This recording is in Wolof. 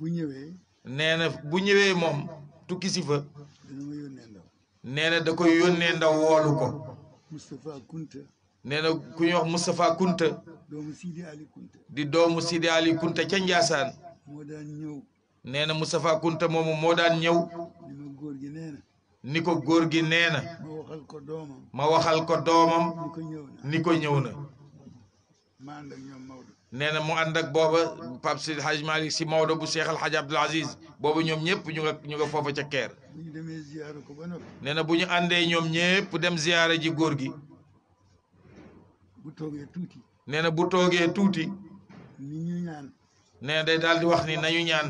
bu ñëwee. nee na bu ñëwee moom tukki si fa. nee na da ko yónnee ndaw woolu ko. Moustapha nee na ku ñuy wax Moustapha di doomu Sidi Ali ca Njaasaan. moo daan nee na Moustapha Kunta moomu moo daan ñëw. ni ko góor gi nee na. ma waxal ma waxal ko doomam. ni ko ñëw na. nee na mu ànd ak booba Pape Seydi Hadj Malick si Maodo bu seexal El Hadj Aziz booba ñoom ñëpp ñu nga ñu nga foofa ca keer nee na bu ñu àndee ñoom ñëpp dem ziyaara ji góor gi nee na bu toogee tuuti nee na day daal di wax ni nañu ñaan